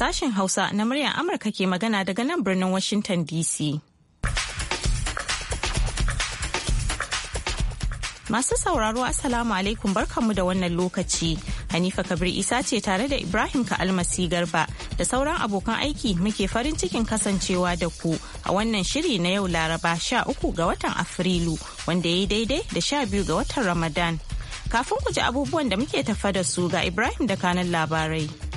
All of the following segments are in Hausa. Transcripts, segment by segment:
sashen Hausa na muryar Amurka ke magana daga nan birnin Washington DC. Masu sauraro Assalamu alaikum barkanmu da wannan lokaci. Hanifa Kabir Isa ce tare da Ibrahim ka Almasi Garba da sauran abokan aiki muke farin cikin kasancewa da ku a wannan shiri na yau Laraba sha uku ga watan Afrilu wanda ya yi daidai da sha biyu ga watan Ramadan. Kafin ku ji abubuwan da muke tafa da su ga Ibrahim da kanan labarai.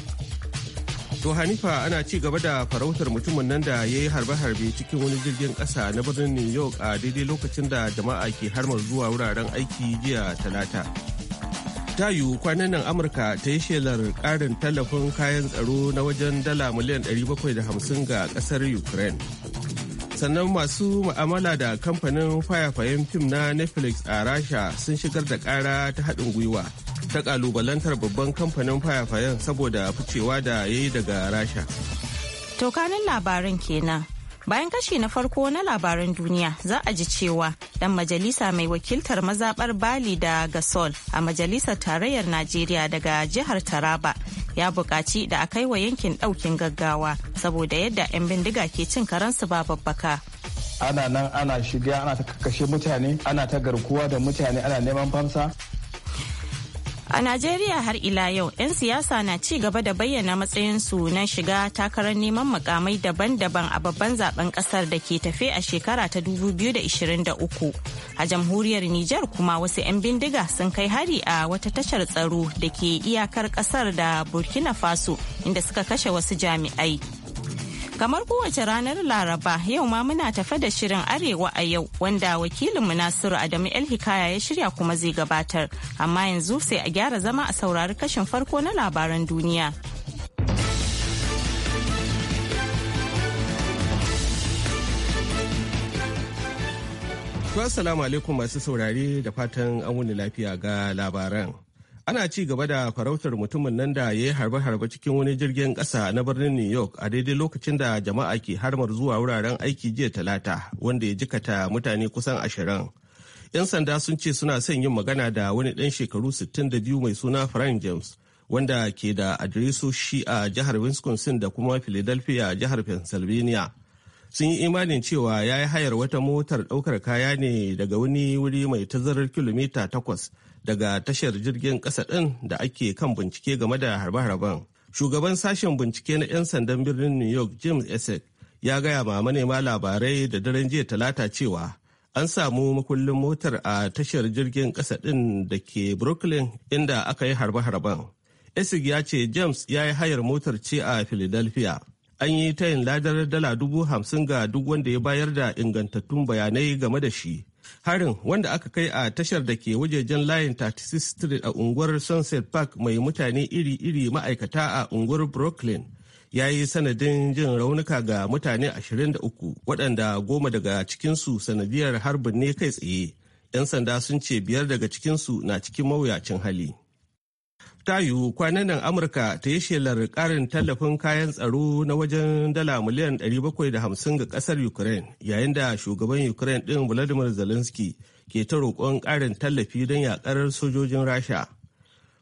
To Hanifa ana ci gaba da farautar mutumin nan da ya yi harbe-harbe cikin wani jirgin ƙasa na birnin New York a daidai lokacin da jama'a ke harmar zuwa wuraren aiki jiya talata. Ta yiwu kwanan nan Amurka ta yi shelar karin tallafin kayan tsaro na wajen dala miliyan 750 ga ƙasar Ukraine. sannan masu ma'amala da kamfanin fayafayen fim na netflix a rasha sun shigar da ƙara ta haɗin gwiwa ta kalubalantar babban kamfanin fayafayen saboda ficewa da ya yi daga rasha tokanin labaran kenan bayan kashi na farko na labaran duniya za a ji cewa dan majalisa mai wakiltar mazabar bali da gasol a majalisar tarayyar najeriya daga jihar taraba ya bukaci da a kai wa yankin ɗaukin gaggawa saboda yadda 'yan bindiga ke cin karansu ba babbaka ana nan ana shiga ana ta kakashe mutane ana ta garkuwa da mutane ana neman fansa A Najeriya har ila yau 'yan siyasa na ci gaba da bayyana matsayinsu na shiga takarar neman makamai daban-daban a babban zaben kasar da ke tafe a shekara ta 2023. A jamhuriyar Nijar kuma wasu 'yan bindiga sun kai hari a wata tashar tsaro da ke iyakar kasar da Burkina Faso inda suka kashe wasu jami'ai. Kamar kowace ranar Laraba yau ma muna tafe da shirin Arewa a yau wanda wakilinmu Nasiru Adamu El Hikaya ya shirya kuma zai gabatar. Amma yanzu sai a gyara zama a saurari kashin farko na labaran duniya. Assalamu alaikum masu saurare da fatan an wuni lafiya ga labaran. ana ci gaba da farautar mutumin nan da ya yi harbe-harbe cikin wani jirgin kasa na birnin new york a daidai lokacin da jama'a ke harmar zuwa wuraren aiki jiya talata wanda ya jikata mutane kusan ashirin 'yan sanda sun ce suna son yin magana da wani ɗan shekaru sittin da biyu mai suna frank james wanda ke da adireso shi a jihar wisconsin da kuma philadelphia jihar pennsylvania sun yi imanin cewa ya yi hayar wata motar ɗaukar kaya ne daga wani wuri mai tazarar kilomita takwas daga tashar jirgin ƙasa ɗin da ake kan bincike game da harbe-harben. Shugaban sashen bincike na 'yan sandan birnin New York James Essex ya gaya ma manema labarai da daren jiya talata cewa an samu makullin motar a tashar jirgin kasa ɗin da ke Brooklyn inda aka yi harbe-harben. Essex ya ce James ya yi hayar motar ce a Philadelphia. an yi tayin ladar dala dubu hamsin ga duk wanda ya bayar da ingantattun bayanai game da shi harin wanda aka kai a tashar da ke wajejen layin 36 street a unguwar sunset park mai mutane iri-iri ma'aikata a unguwar brooklyn ya yi sanadin jin raunuka ga mutane 23 waɗanda goma daga cikinsu sanadiyar harbin ne kai tsaye 'yan sanda sun ce biyar daga cikinsu na cikin mawuyacin hali ta yiwu kwanan nan amurka ta yi shelar karin tallafin kayan tsaro na wajen dala miliyan 750 ga kasar ukraine yayin da shugaban ukraine din vladimir zelensky ke ta roƙon karin tallafi don yakar sojojin rasha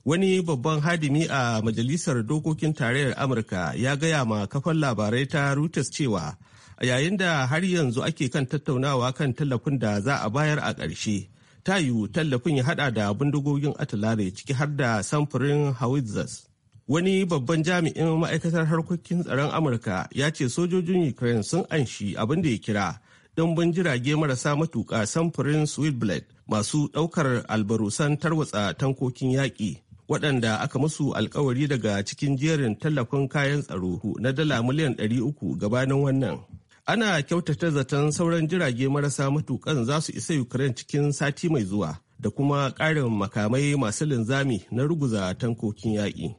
wani babban hadimi a majalisar dokokin tarayyar amurka ya gaya ma kafan labarai ta reuters cewa yayin da har yanzu ake kan tattaunawa kan tallafin da za a bayar a ƙarshe ta yiwu tallafin ya hada da bindigogin atalare ciki har da samfurin howitzers wani babban jami'in ma'aikatar harkokin tsaron amurka ya ce sojojin ukraine sun anshi abin da ya kira dimbin jirage marasa matuka samfurin blade masu ɗaukar albarusan tarwatsa tankokin yaƙi waɗanda aka musu alkawari daga cikin jerin tallafin kayan tsaro na dala miliyan 300 gabanin wannan ana kyautata zaton sauran jirage marasa matukan za su isa ukraine cikin sati mai zuwa da kuma ƙarin makamai masu linzami na ruguza tankokin yaƙi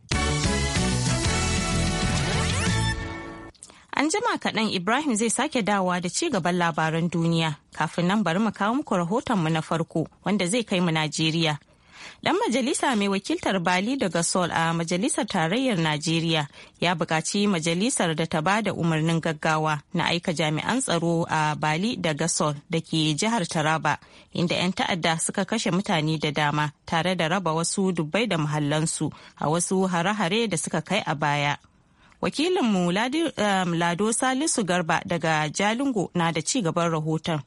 an jima kaɗan ibrahim zai sake dawa da ci gaban labaran duniya kafin nan bari mu kawo muku rahoton mu na farko wanda zai kai mu najeriya Dan majalisa mai wakiltar Bali daga Sol a Majalisar Tarayyar Najeriya ya buƙaci majalisar da ta ba da umarnin gaggawa na aika jami'an tsaro a Bali daga Sol da ke jihar Taraba inda 'yan ta'adda suka kashe mutane da dama tare da raba wasu dubbai da muhallansu a wasu hare-hare da suka kai a baya. Wakilinmu um, Lado Salisu Garba daga Jalingo na da ci gaban rahoton.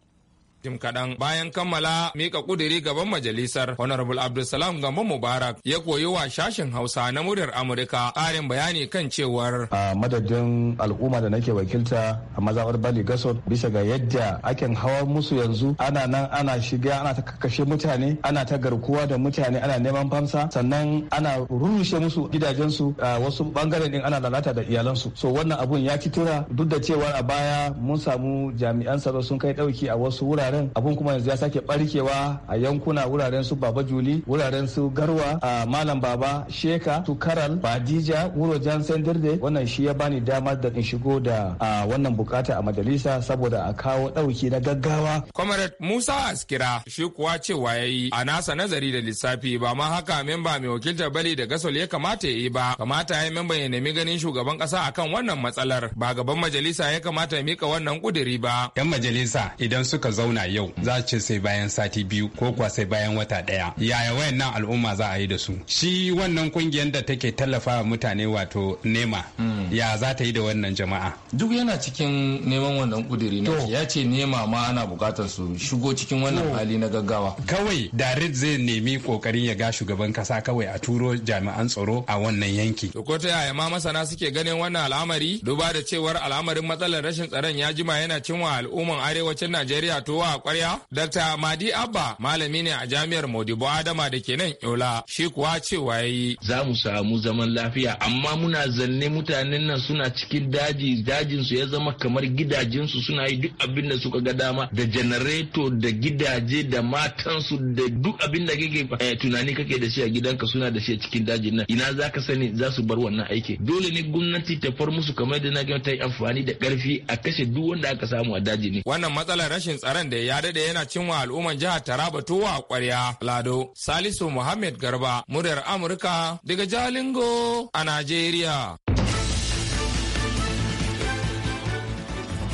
Jim kaɗan bayan kammala mika ƙudiri gaban majalisar Honorable Abdulsalam Gambo Mubarak ya koyi wa shashin Hausa na muryar Amurka ƙarin bayani kan cewar. A madadin al'umma da nake wakilta a mazabar Bali gaso bisa ga yadda aken hawa musu yanzu ana nan ana shiga ana ta kakkashe mutane ana ta garkuwa da mutane ana neman famsa sannan ana rushe musu gidajensu a wasu bangaren din ana lalata da iyalansu. So wannan abun ya ci tura duk da cewa a baya mun samu jami'an tsaro sun kai ɗauki a wasu wurare wuraren abun kuma yanzu ya sake barkewa a yankuna wuraren su baba juli wuraren su garwa a malam baba sheka tukaral badija wuro jan sendirde wannan shi ya bani damar da in shigo da wannan bukata a majalisa saboda a kawo dauki na gaggawa comrade musa askira shi kuwa cewa yayi a nasa nazari da lissafi ba ma haka memba mai wakilta bali da gasol ya kamata ya yi ba kamata ya memba ya nemi ganin shugaban kasa akan wannan matsalar ba gaban majalisa ya kamata ya mika wannan kuduri ba yan majalisa idan suka zauna yau za ce sai bayan sati biyu ko kuwa sai bayan wata daya. yaya wayannan al'umma za a yi da su shi wannan kungiyar da take tallafa wa mutane wato nema mm. ya za ta yi da wannan jama'a duk yana cikin neman wannan kudiri na ya ce nema ma ana bukatar su shigo cikin wannan hali na gaggawa kawai darit zai nemi kokarin ya ga shugaban kasa kawai a turo jami'an tsaro a wannan yanki to ko ta yaya ma masana suke ganin wannan al'amari duba da cewar al'amarin matsalar rashin tsaron ya jima yana cinwa al'umman arewacin Najeriya wa. kwarya? Dr. Madi Abba malami ne a jami'ar Modibo Adama da ke nan Yola. Shi kuwa cewa yayi. Za mu samu zaman lafiya amma muna zanne mutanen nan suna cikin daji dajinsu ya zama kamar gidajen suna yi duk abin da suka ga dama da janareto da gidaje da matansu da duk abin da kake eh, tunani kake da shi a gidanka suna da shi a cikin dajin nan ina za ka sani za su bar wannan aiki dole ne gwamnati ta far musu kamar da na ga ta yi amfani da karfi a kashe duk wanda aka samu a daji ne wannan matsalar rashin tsaron da ya dade yana cinwa al'umman jihar Taraba tuwa a kwarya. Lado Salisu Muhammad Garba muryar Amurka daga Jalingo a Najeriya.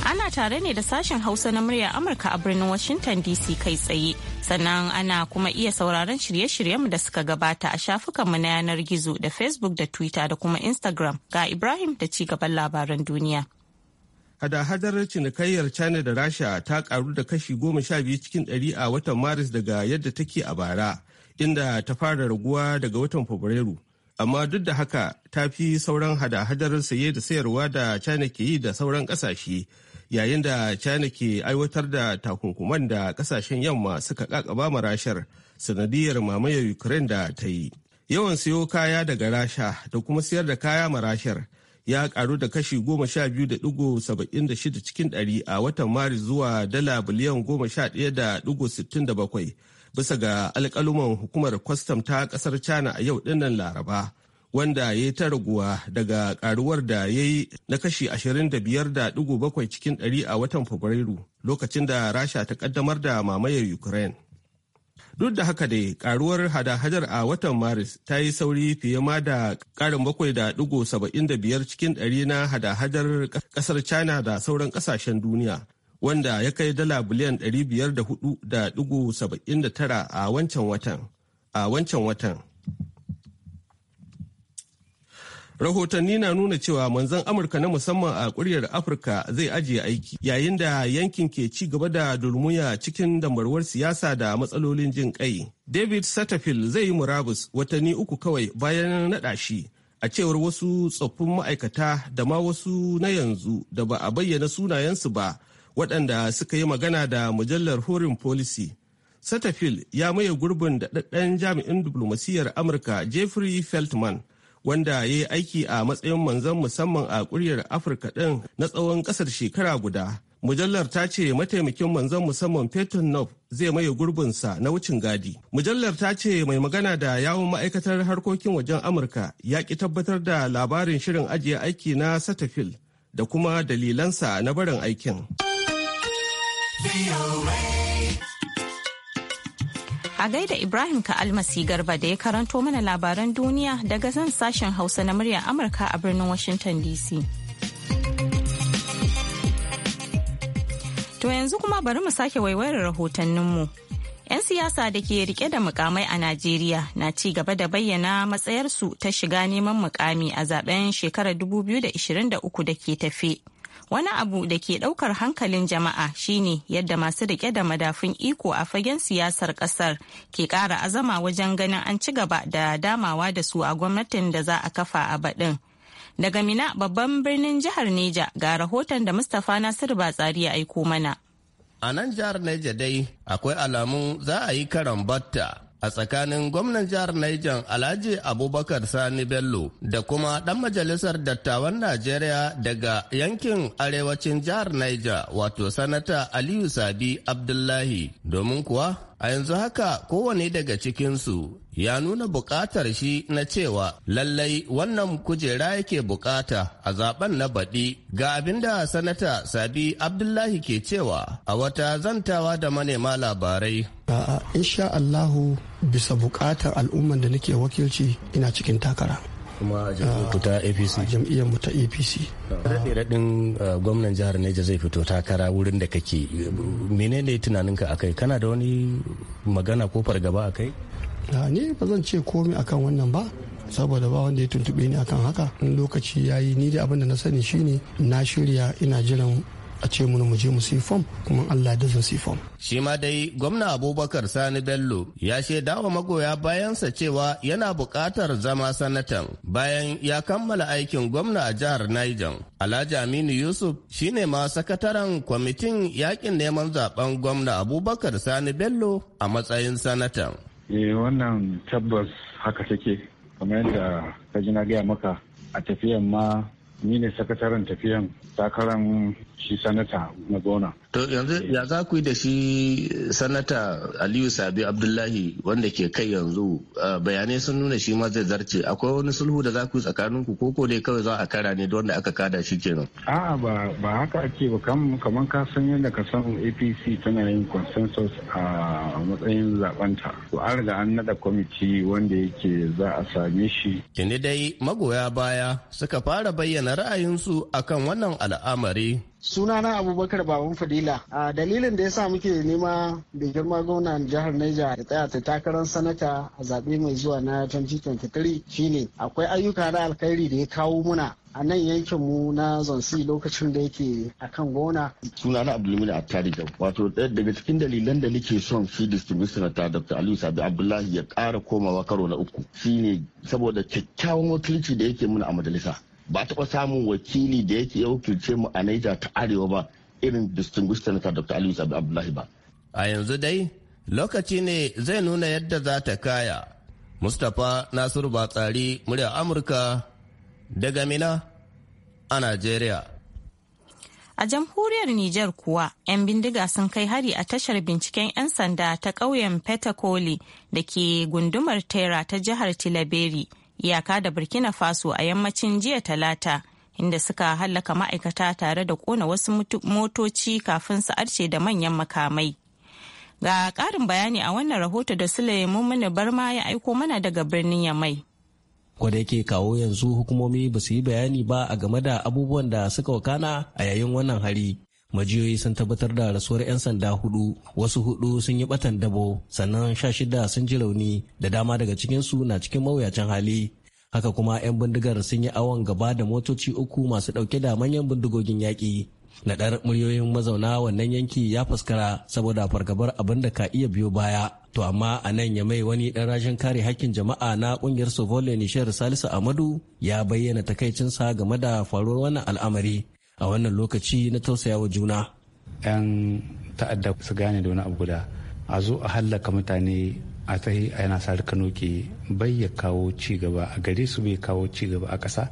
Ana tare ne da sashen Hausa na muryar Amurka a birnin Washington DC kai tsaye. Sannan ana kuma iya sauraron shirye-shiryenmu da suka gabata a shafukanmu na yanar gizo da Facebook da Twitter da kuma Instagram ga Ibrahim da ci gaban labaran duniya. hada-hadar cinikayyar china da rasha ta karu da kashi goma sha biyu cikin ɗari a watan maris daga yadda take a bara inda ta fara raguwa daga watan fabrairu amma duk da haka ta fi sauran hada-hadar saye da sayarwa da china ke yi da sauran ƙasashe yayin da china ke aiwatar da takunkuman da ƙasashen yamma suka kakaba ma rashar sanadiyar mamayar ukraine da ta yi yawan sayo kaya daga rasha da kuma sayar da kaya ma rashar ya karu da kashi 12.76 cikin ɗari a watan maris zuwa dala biliyan 11.67 bisa ga alkaluman hukumar kwastam ta kasar china a yau dinnan laraba wanda ya yi ta raguwa daga karuwar da ya yi na kashi 25.7 cikin ɗari a watan fabrairu lokacin da rasha ta kaddamar da mamayar ukraine Duk da haka dai karuwar hada-hadar a watan Maris ta yi sauri fiye ma da karin bakwai da digo saba'in da biyar cikin ɗari na hada-hadar ƙasar China da sauran ƙasashen duniya. Wanda ya kai dala biliyan ɗari biyar da hudu da digo saba'in da tara A wancan watan. rahotanni na nuna cewa manzan amurka na musamman a kuryar afirka zai ajiye aiki yayin da yankin ke ci gaba da durmuya cikin damarwar siyasa da matsalolin jin kai david satterfield zai yi murabus watanni uku kawai bayan naɗa shi a cewar wasu tsoffin ma'aikata da ma wasu na yanzu da ba a bayyana sunayensu ba waɗanda suka yi magana da mujallar horin policy satterfield ya maye gurbin da jami'in diplomasiyyar amurka jeffrey feltman wanda ya yi aiki a matsayin manzon musamman a ƙuryar afirka ɗin na tsawon ƙasar shekara guda mujallar ta ce mataimakin manzon musamman Peyton nov zai maye gurbinsa na wucin gadi. Mujallar ta ce mai magana da yawon ma'aikatar harkokin wajen Amurka ya ki tabbatar da labarin shirin ajiye aiki na Satafil da kuma dalilansa na barin aikin. A gaida Ibrahim ka almasi garba da ya karanto mana labaran duniya daga zan sashen Hausa na muryar Amurka a birnin Washington DC. To yanzu kuma bari mu sake waiwayar rahotanninmu. 'Yan siyasa da ke rike da mukamai a Najeriya na ci gaba da bayyana matsayarsu ta shiga neman mukami a zaben shekarar 2023 da ke tafe. Wani abu da ke ɗaukar hankalin jama'a shine yadda masu rike da madafun iko a fagen siyasar ƙasar ke ƙara azama wajen ganin an ci gaba da damawa da su a gwamnatin da za a kafa a baɗin. Daga Mina babban birnin jihar Neja ga rahoton da Mustapha Nasiru Batsari ya aiko mana. A nan jihar Neja dai akwai alamun za a yi karan batta a tsakanin gwamnan jihar Niger Alhaji Abubakar Sani Bello da kuma ɗan majalisar dattawan Najeriya daga yankin arewacin jihar Niger wato sanata Aliyu Sabi Abdullahi domin kuwa a yanzu haka kowane daga cikinsu ya nuna buƙatar shi na cewa lallai wannan kujera yake buƙata a zaben na baɗi ga abin da sanata sabi abdullahi ke cewa a wata zantawa da manema labarai insha allahu bisa buƙatar al'ummar da nake wakilci ina cikin takara kuma a jam'iyyar ta apc a jam'iyyar mu ta apc raɗe raɗin uh, gwamnan jihar neja zai fito takara wurin da kake menene tunaninka akai kana da wani magana ko fargaba akai ni ba zan ce komai akan wannan ba saboda ba wanda ya tuntube ni akan haka lokaci ya yi ni da abin da na sani shine na shirya ina jiran a ce mu mu je mu sai fom kuma Allah da zan sai fom. Shi ma dai gwamna Abubakar Sani Bello ya shaida wa magoya bayansa cewa yana buƙatar zama sanatan bayan ya kammala aikin gwamna a jihar Niger. Alhaji Aminu Yusuf shine ma sakataren kwamitin yakin neman zaben gwamna Abubakar Sani Bello a matsayin sanatan. Eh wannan tabbas haka take kamar yadda ka ji na gaya maka a tafiyan ma ni ne sakataren tafiyan takarar shi sanata na gona. To yanzu eh. ya za ku yi da shi eh, sanata Aliyu Sabi Abdullahi wanda ke kai yanzu ah, bayanai sun nuna shi ma zai zarce akwai wani sulhu da za ku yi tsakanin ku koko dai kawai za a kara ne wanda aka kada shi kenan. A'a ba ba haka ake ba kamar ka san yadda ka san APC tana yin consensus a matsayin zabanta. To an riga an nada kwamiti wanda yake za a same shi. kini dai magoya baya suka fara bayyana ra'ayin ra'ayinsu akan wannan al'amari sunana abubakar baban fadila a dalilin da ya sa muke nema da girma gwamnan jihar Niger da tsaya ta takarar sanata a zaɓe mai zuwa na 2023 shine akwai ayyuka na alkhairi da ya kawo muna a nan yankin mu na zonsi lokacin da yake a kan gona. suna na abdulmini tarihi da wato daga cikin dalilan da nake son shi distribution ta dr aliyu sabi abdullahi ya kara komawa karo na uku shine saboda kyakkyawan wakilci da yake muna a majalisa ba taɓa samun wakili da yake ya wakilce mu a Niger ta Arewa ba irin distinguished senator Dr. Aliyu Sabi Abdullahi ba. A yanzu dai lokaci ne zai nuna yadda za ta kaya. Mustapha Nasiru Batsari murya Amurka daga Mina a Najeriya. A jamhuriyar Nijar kuwa, 'yan bindiga sun kai hari a tashar binciken 'yan sanda ta ƙauyen Petakoli da ke gundumar Tera ta jihar Tilaberi. iyaka da burkina faso a yammacin jiya talata inda suka hallaka ma'aikata tare da kona wasu motoci kafin su arce da manyan makamai ga ƙarin bayani a wannan rahoto da sule mummuni barma ya aiko mana daga birnin yamai da yake kawo yanzu hukumomi ba su yi bayani ba a game da abubuwan da suka wakana a yayin wannan hari majiyoyi sun tabbatar da rasuwar 'yan sanda hudu wasu hudu sun yi batan dabo sannan sha shida sun ji rauni da dama daga cikinsu na cikin mawuyacin hali haka kuma 'yan bindigar sun yi awon gaba da motoci uku masu dauke da manyan bindigogin yaƙi naɗar muryoyin mazauna wannan yanki ya faskara saboda fargabar abin da ka iya biyo baya to amma a nan ya mai wani ɗan rashin kare hakkin jama'a na ƙungiyar sovole nishiyar salisu amadu ya bayyana takaicinsa game da faruwar wannan al'amari a wannan lokaci na tausayawa juna. 'yan ta'adda su gane da wani abu guda a zo a hallaka mutane a tahi a yana sa noke bai ya kawo ci gaba a gare su bai kawo ci gaba a ƙasa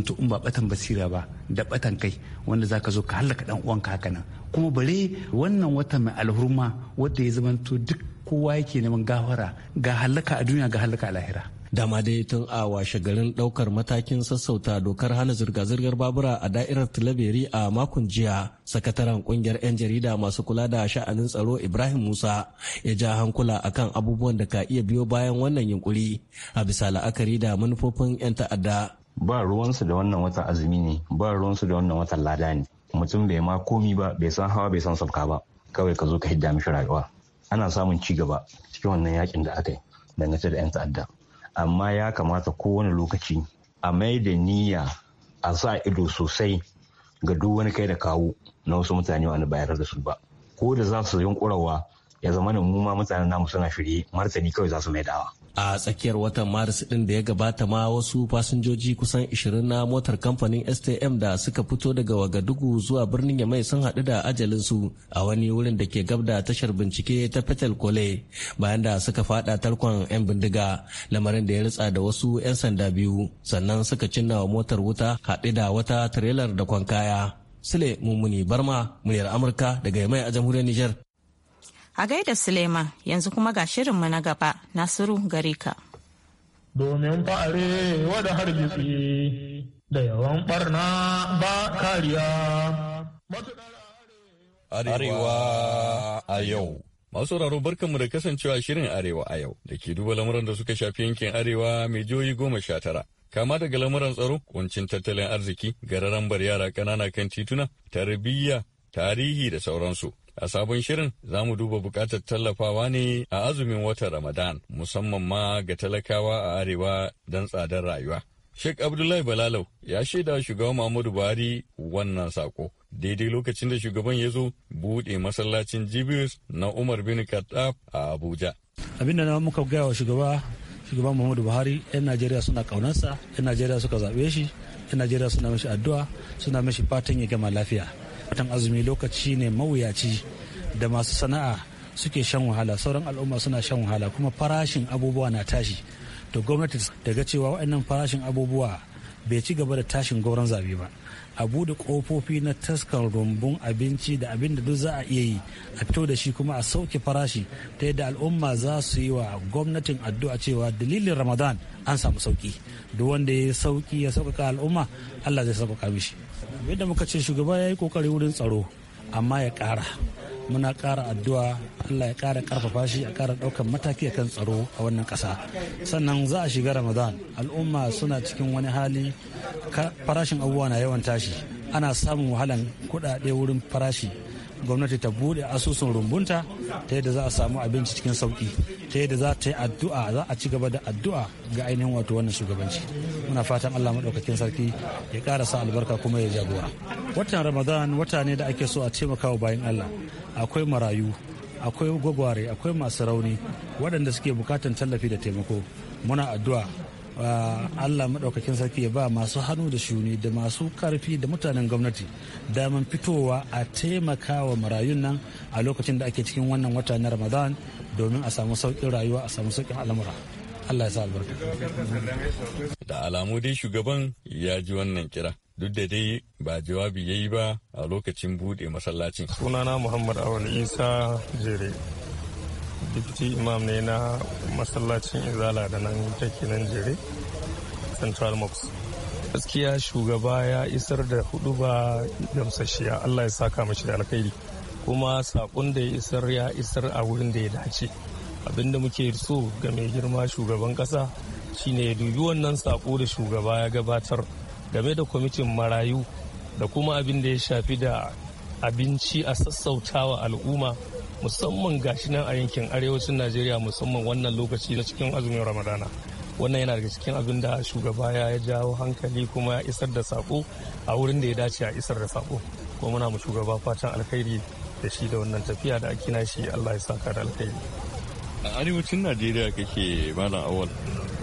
to in ba batan basira ba da batan kai wanda zaka zo ka hallaka dan uwanka haka nan kuma bare wannan wata mai alhurma wanda ya zamanto duk kowa yake neman gafara ga hallaka a duniya ga hallaka a lahira dama dai tun a washe garin daukar matakin sassauta dokar hana zirga-zirgar babura a da'irar tilaberi a makon jiya sakataren kungiyar 'yan jarida masu kula da sha'anin tsaro ibrahim musa ya ja hankula akan abubuwan da ka iya biyo bayan wannan yunkuri a bisa la'akari da manufofin 'yan ta'adda ba ruwansu da wannan wata azumi ne ba ruwansu da wannan watan lada ne mutum bai ma komi ba bai san hawa bai san sauka ba kawai ka zo ka hidda mishi rayuwa ana samun ci gaba cikin wannan yakin da aka yi dangance da 'yan ta'adda amma ya kamata kowane lokaci a mai da niyya a sa ido sosai ga duk wani kai da kawo na wasu mutane wani bayar da su ba ko da za su yunkurawa ya zama da mu ma mutanen namu suna shirye martani kawai za su mai dawa a tsakiyar watan maris din da ya gabata ma wasu fasinjoji kusan 20 na motar kamfanin stm da suka fito daga wagadugu zuwa birnin yamai sun haɗu da ajalinsu a wani wurin da ke gab da tashar bincike ta petel kole bayan da suka fada tarkon 'yan bindiga lamarin da ya ritsa da wasu 'yan sanda biyu sannan suka cinna wa motar wuta haɗe da wata tirelar da kwankaya sule mummuni barma muryar amurka daga yamai a jamhuriyar nijar. A gaida Suleiman yanzu kuma ga shirinmu na gaba Nasiru gare ka. Domin fa'are wada hargitsi da yawan barna ba kariya. Arewa a yau. Masu sauraro barkanmu da kasancewa shirin Arewa a yau da ke duba lamuran da suka shafi yankin Arewa mai joyi goma sha tara. Kama daga lamuran tsaro, kuncin tattalin arziki, gararan bar yara ƙanana kan tituna, tarbiyya, tarihi da sauransu. A sabon shirin za mu duba bukatar tallafawa ne a azumin watan Ramadan musamman ma ga talakawa a arewa don tsadar rayuwa. Sheikh Abdullahi Balalau ya shaida shugaban Muhammadu Buhari wannan sako. Daidai lokacin da shugaban ya zo buɗe masallacin Jibius na Umar bin Khattab a Abuja. Abinda na muka gaya wa shugaba shugaban Muhammadu Buhari 'yan Najeriya suna kaunarsa, 'yan Najeriya suka zaɓe shi, 'yan Najeriya suna mashi addu'a, suna mashi fatan ya gama lafiya. watan azumi lokaci ne mawuyaci da masu sana'a suke shan wahala sauran al'umma suna shan wahala kuma farashin abubuwa na tashi to gwamnati daga cewa waɗannan farashin abubuwa bai ci gaba da tashin gauran zabe ba a bude kofofi na taskar rumbun abinci da abin da duk za a iya yi a fito da shi kuma a sauke farashi ta yadda al'umma za su yi wa gwamnatin addu'a cewa dalilin ramadan an samu sauki duk wanda ya sauki ya sauƙaƙa al'umma allah zai sauƙaƙa mishi yadda muka ce shugaba ya yi ƙoƙari wurin tsaro amma ya ƙara muna ƙara addu'a Allah ya ƙara ƙarfafa shi a ƙara ɗaukan mataki a kan tsaro a wannan ƙasa sannan za a shiga ramadan al'umma suna cikin wani hali farashin abubuwa na yawan tashi ana samun wahalan kuɗaɗe wurin farashi gwamnati ta bude asusun rumbunta ta yadda za a samu abinci cikin sauki ta yadda za ta yi addu'a za a ci gaba da addu'a ga ainihin wato wannan shugabanci muna fatan Allah maɗaukakin sarki ya sa albarka kuma ya jagora watan ramadan wata ne da ake so a taimakawa bayan Allah akwai marayu akwai gwagware akwai masu rauni waɗanda suke bukatan tallafi da taimako muna addu'a Allah maɗaukakin sarki ya ba masu hannu da shuni da masu karfi da mutanen gwamnati daman fitowa a taimaka wa marayun nan a lokacin da ake cikin wannan wata na Ramadan domin a samu sauƙin rayuwa a samu sauƙin al'amura. Allah ya sa albarka. Da alamu dai shugaban ya ji wannan kira. Duk da dai ba jawabi ya yi ba a lokacin buɗe masallacin. Sunana Muhammad Awal Isa Jere. deputy imam ne na masallacin izala da nan take nan jere central mosque gaskiya shugaba ya isar da hudu ba gamsashiya allah ya saka mashi da alkhairi kuma sakon da ya isar ya isar a wurin da ya dace abinda muke so ga mai girma shugaban kasa shine ya dubi wannan sako da shugaba ya gabatar game da kwamitin marayu da kuma abin da ya shafi da abinci a sassautawa al'umma musamman gashi nan a yankin arewacin najeriya musamman wannan lokaci na cikin azumin ramadana wannan yana daga cikin abin da shugaba ya jawo hankali kuma ya isar da sako a wurin da ya dace a isar da sako kuma muna mu shugaba fatan alkhairi da shi da wannan tafiya da ake nashi allah ya saka da alkhairi a arewacin najeriya kake malam awal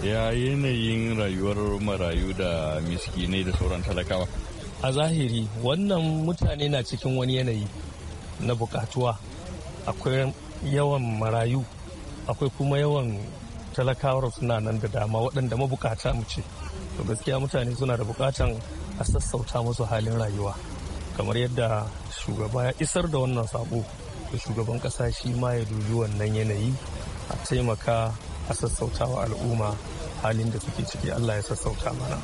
ya yanayin rayuwar marayu da miskinai da sauran talakawa a zahiri wannan mutane na cikin wani yanayi na bukatuwa akwai yawan marayu akwai kuma yawan talakawar suna nan da dama waɗanda mabukata mu ce to gaskiya mutane suna da bukatan a sassauta musu halin rayuwa kamar yadda shugaba ya isar da wannan sabo to shugaban ƙasa shi ma ya dubi wannan yanayi a taimaka a sassauta wa al'umma halin da suke ciki allah ya sassauta mana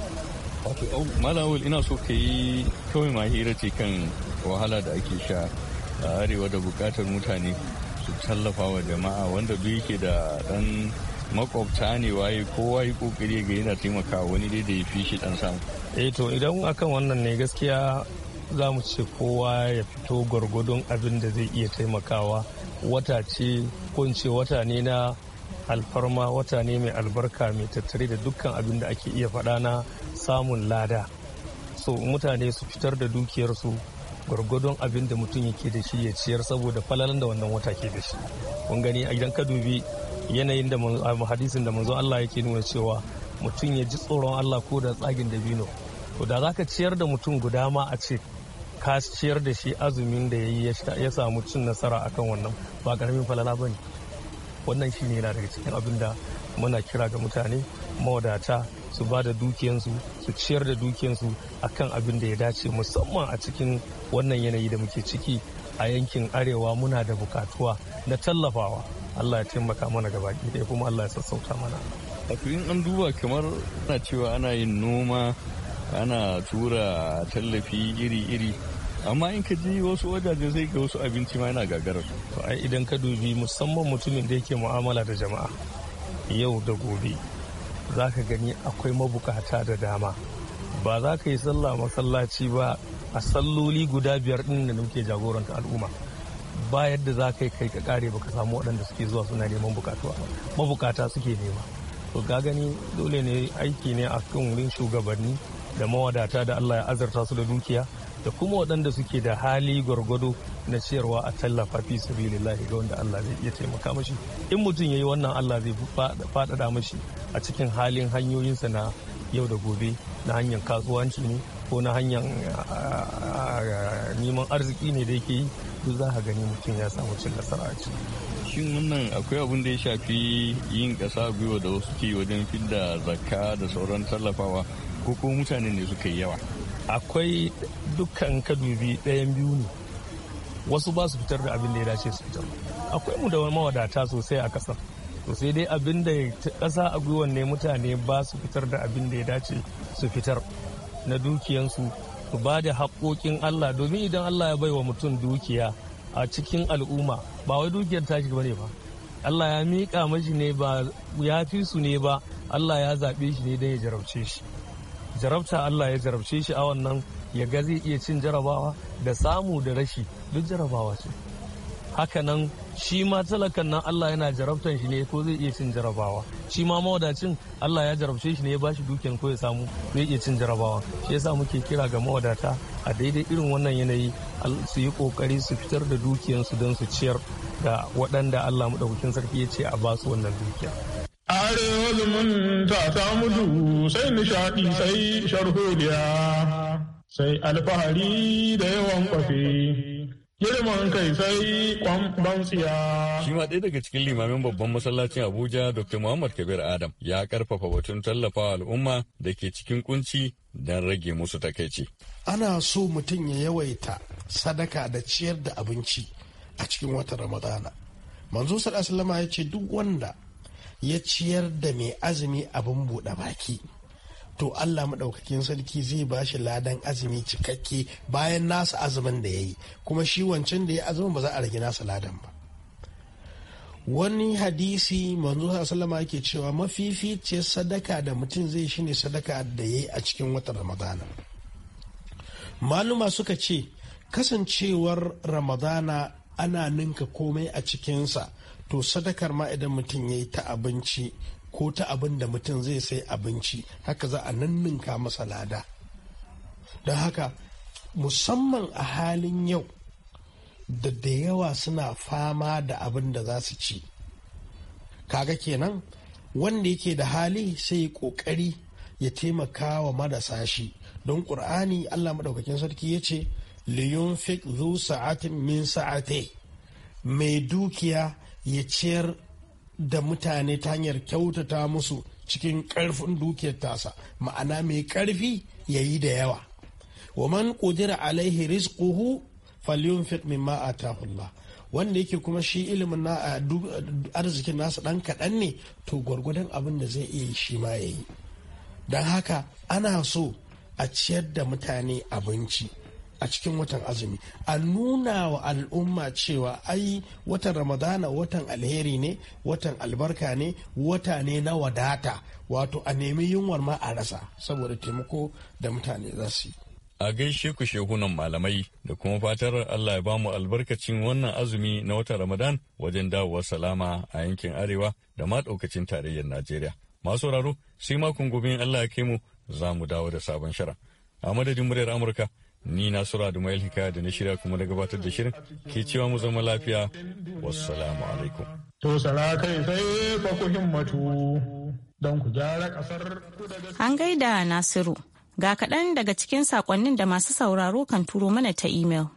wato malawul ina so ka yi kawai ma hira ce kan wahala da ake sha a arewa da bukatar mutane su tallafa wa jama'a wanda duk yake da dan makwabta ne waye kowa yi kokari ga yana taimakawa wani dai da ya fi shi dan samu eh to idan akan wannan ne gaskiya za mu ce kowa ya fito gwargwadon abin da zai iya taimakawa wata ce kunce wata ne na alfarma wata ne mai albarka mai tattare da dukkan abin da ake iya faɗa na samun lada so mutane su fitar da dukiyarsu gwargwadon abin da mutum yake da shi ya ciyar saboda falalan da wannan wata ke da shi kun gani idan ka dubi yanayin da hadisin da manzo Allah yake nuna cewa mutum ya ji tsoron Allah ko da tsagin dabino to da zaka ciyar da mutum guda ma a ce ka ciyar da shi azumin da yayi ya samu cin nasara akan wannan ba karamin falala bane wannan shine yana daga cikin abin da muna kira ga mutane mawadata su ba da dukiyansu su ciyar da dukiyansu kan abin da ya dace musamman a cikin wannan yanayi da muke ciki a yankin arewa muna da bukatuwa na tallafawa allah ya taimaka mana gaba ɗaya kuma allah ya sassauta mana in an duba kamar ana cewa ana yin noma ana tura tallafi iri-iri amma in ka ji wasu wajaje zai ga wasu abinci ma yana gagarar to ai idan ka dubi musamman mutumin da yake mu'amala da jama'a yau da gobe za ka gani akwai mabukata da dama ba za ka yi sallah masallaci ba a salloli guda biyar ɗin da muke jagoranta al'umma ba yadda za ka yi kai ka kare ba ka samu waɗanda suke zuwa suna neman bukatuwa mabukata suke nema to ka gani dole ne aiki ne a kan wurin shugabanni da mawadata da Allah ya azarta su da dukiya da kuma waɗanda suke da hali gwargwado na ciyarwa a tallafa fi sabilillahi ga wanda Allah zai iya taimaka mashi in mutum ya yi wannan Allah zai faɗaɗa mashi a cikin halin hanyoyinsa na yau da gobe na hanyar kasuwanci ne ko na hanyar ah, neman arziki ne da yake yi duk za ka gani mutum ya samu cin nasara a ciki shin wannan akwai abin da ya shafi yin kasa gwiwa da wasu ke wajen fidda zaka, da sauran tallafawa ko ko mutane ne suka yi yawa akwai dukkan kadubi dayan biyu ne wasu ba su fitar da abin da ya dace su fitar akwai mu da mawadata sosai a kasar. to sai dai abin da kasa a gwiwan ne mutane ba su fitar da abin da ya dace su fitar na dukiyansu su ba da haƙoƙin Allah domin idan Allah ya bai wa mutum dukiya a cikin al'umma ba wai dukiyar tashi ne ba Allah ya miƙa mashi ne ba ya fi su ne ba Allah ya zaɓe shi ne don ya jarabce shi jarabta Allah ya jarabce shi a wannan ya ga zai iya cin jarabawa da samu da rashi duk jarabawa ce hakanan shi ma talakan nan Allah yana jarabtan shi ne ko zai iya cin jarabawa shi ma mawadacin Allah ya jarabce shi ne ya bashi dukiyan ko ya samu zai iya cin jarabawa shi yasa muke kira ga mawadata a daidai irin wannan yanayi su yi kokari su fitar da dukiyansu don su ciyar da waɗanda Allah madaukakin sarki ya ce a basu wannan dukiya arewa zumunta ta mutu sai nishaɗi sai sharhodiya sai alfahari da yawan kwafe Girman kai sai kwan bansiya. Shi ma ɗaya daga cikin limamin babban masallacin Abuja Dr. Muhammad Kabir Adam ya karfafa batun tallafawa al'umma da ke cikin kunci don rage musu takaici. Ana so mutum ya yawaita sadaka da ciyar da abinci a cikin watan Ramadana. Manzo Sallallahu ya ce duk wanda ya ciyar da mai azumi abin buɗe baki. to Allah maɗaukakin sarki zai ba shi ladan azumi cikakke bayan nasa azumin da ya yi kuma shi wancan da ya azumin ba za a rage nasa ladan ba wani hadisi manzo sallama yake cewa mafifi ce sadaka da mutum zai shine sadaka da ya yi a cikin watan ramadana maluma suka ce kasancewar ramadana ana ninka komai a cikinsa to sadakar ma idan mutum ya yi ta abinci ko ta abin da mutum zai sai abinci haka za a nan ninka masa lada don haka musamman a halin yau da da yawa suna fama da abin da za su ci kaga kenan wanda yake da hali sai kokari ya taimaka wa marasa shi don ƙur'ani allah maɗaukakin sarki ya ce liyun zu sa'atin min sa'ate mai dukiya ya ciyar da mutane ta hanyar kyautata musu cikin ƙarfin dukiyar tasa ma'ana mai ƙarfi ya yi da yawa waman ƙudira alaihi rizquhu falyunfiq mimma atahu wanda yake kuma shi ilimin na arzikin nasa ɗan kaɗan ne to gwargwadon abin da zai iya shi ma ya yi don haka ana so a ciyar da mutane abinci a cikin watan azumi a nuna wa al'umma cewa ai watan ramadana watan alheri ne watan albarka ne wata ne na wadata wato a nemi yunwar ma a rasa saboda taimako da mutane za su yi a gaishe ku shehunan malamai da kuma fatar Allah ya bamu albarkacin wannan azumi na watan Ramadan wajen dawowa salama a yankin Arewa da ma daukacin tarayyar Najeriya. Masu sauraro sai makon gobe Allah ya kai mu za mu dawo da sabon shara A madadin muryar Amurka, Ni na Sura da Mail hika da na shirya kuma da gabatar da shirin ke cewa mu zama lafiya. Wassalamu alaikum. To sala kai sai fa ku himmatu don ku gyara kasar An gaida Nasiru. Ga kaɗan daga cikin saƙonnin da masu sauraro kan turo mana ta imel.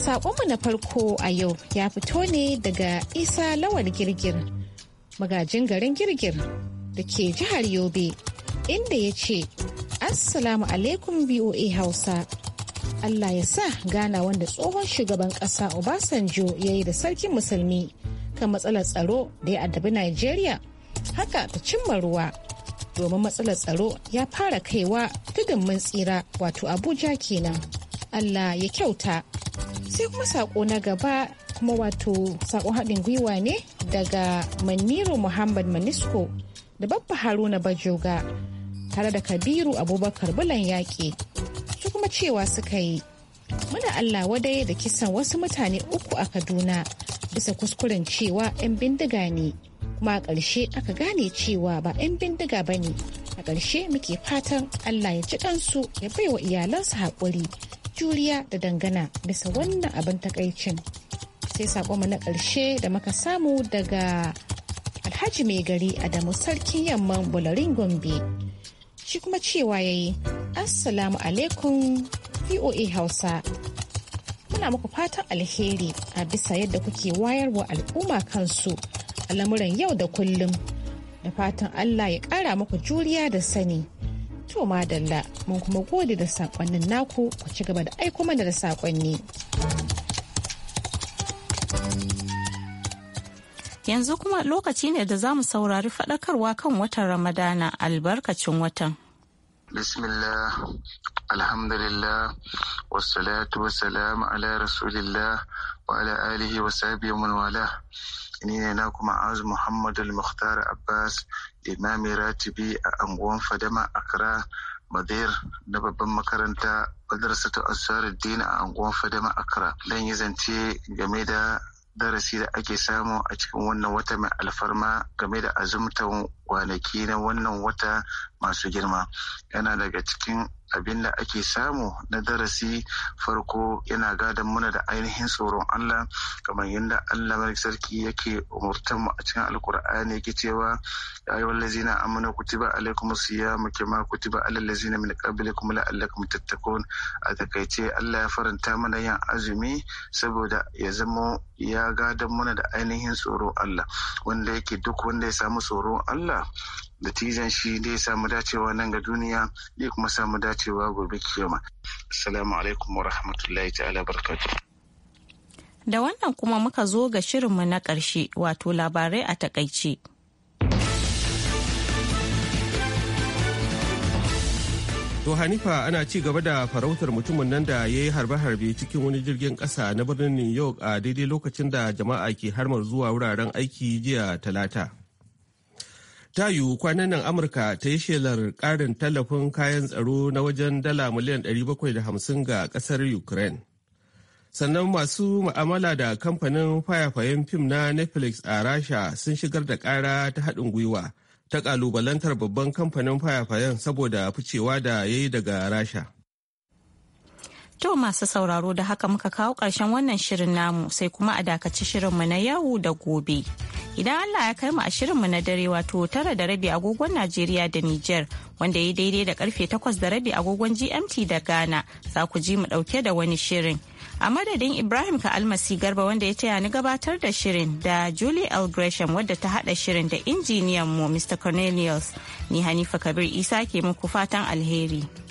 Saƙonmu na farko a yau ya fito ne daga Isa Lawal Girgir, magajin garin Girgir. da ke jihar Yobe inda ya ce, Assalamu alaikum VOA Hausa. Allah ya sa gana wanda tsohon shugaban ƙasa Obasanjo ya yi da sarkin musulmi kan matsalar tsaro da ya addabi Najeriya haka ta cimma ruwa domin matsalar tsaro ya fara kaiwa tudun mun tsira wato Abuja kenan. Allah ya kyauta. Sai kuma saƙo na gaba kuma wato sakon haɗin gwiwa ne daga maniro Muhammad Manisko da babba haruna bajoga tare da kabiru abubakar bulan yaƙi su kuma cewa suka yi muna allah wadai da kisan wasu mutane uku a kaduna bisa kuskuren cewa 'yan bindiga ne kuma a ƙarshe aka gane cewa ba 'yan bindiga ba ne a ƙarshe muke fatan allah ya ci kansu ya bai wa iyalansu haƙuri juriya da dangana bisa wannan abin takaicin sai sakonmu na ƙarshe da muka samu daga alhaji mai gari adamu sarkin yamman bularin gombe shi kuma cewa ya yi assalamu alaikum voa hausa muna muku fatan alheri a bisa yadda kuke wayar wa al'umma kansu a lamuran yau da kullum da fatan allah ya kara muku juriya da sani to madalla mun kuma gode da saƙonnin naku ku ci gaba da aiko mana da saƙonni. Yanzu kuma lokaci ne da za mu saurari faɗakarwa kan watan Ramadana albarkacin watan. Bismillah, alhamdulillah, wassalatu wassalamu ala rasulillah wa ala alihi wa sahbihi wa wala. Ni ne na kuma azu Muhammadu Al-Mukhtar Abbas, imami ratibi a anguwan Fadama Accra, Madir na babban makaranta Madrasatu Ansaruddin a anguwan Fadama Accra. Dan yi zance game da darasi da ake samu a cikin wannan wata mai alfarma game da azumtan kwanaki na wannan wata masu girma yana daga cikin abin da ake samu na darasi farko yana gadon muna da ainihin tsoron Allah kamar yadda Allah mai sarki yake umurtan mu a cikin alkur'ani yake cewa ya ayyuhal ladzina amanu kutiba alaikum muke ma kutiba alal lazina min qablikum la'allakum tattaqun a takaice Allah ya faranta mana yin azumi saboda ya zama ya gadon muna da ainihin tsoron Allah wanda yake duk wanda ya samu tsoron Allah da tijan shi da ya samu dacewa nan ga duniya da kuma samu dacewa gobe kiyama assalamu alaikum wa rahmatullahi ta'ala barkatu da wannan kuma muka zo ga shirinmu na ƙarshe wato labarai a takaice To Hanifa ana ci gaba da farautar mutumin nan da ya yi harbe-harbe cikin wani jirgin ƙasa na birnin New York a daidai lokacin da jama'a ke harmar zuwa wuraren aiki jiya talata. ta yiwu kwanan nan amurka ta yi shelar karin tallafin kayan tsaro na wajen dala miliyan 750 ga kasar ukraine sannan masu ma'amala da kamfanin fayafayen fim na netflix a rasha sun shigar da kara ta haɗin gwiwa ta kalubalantar babban kamfanin fayafayen saboda ficewa da ya yi daga rasha To masu sauraro da haka muka kawo ƙarshen wannan shirin namu sai kuma a dakaci shirinmu na yau da gobe. Idan Allah ya kai mu a shirinmu na dare wato tara da rabi agogon Najeriya da Nijar wanda ya daidai da karfe takwas da rabi agogon GMT da Ghana za ku ji mu dauke da wani shirin. A madadin Ibrahim ka almasi garba wanda ya taya ni gabatar da shirin da Julie L. Gresham wadda ta hada shirin da injiniyan mu Mr. Cornelius ni Hanifa Kabir Isa ke muku fatan alheri.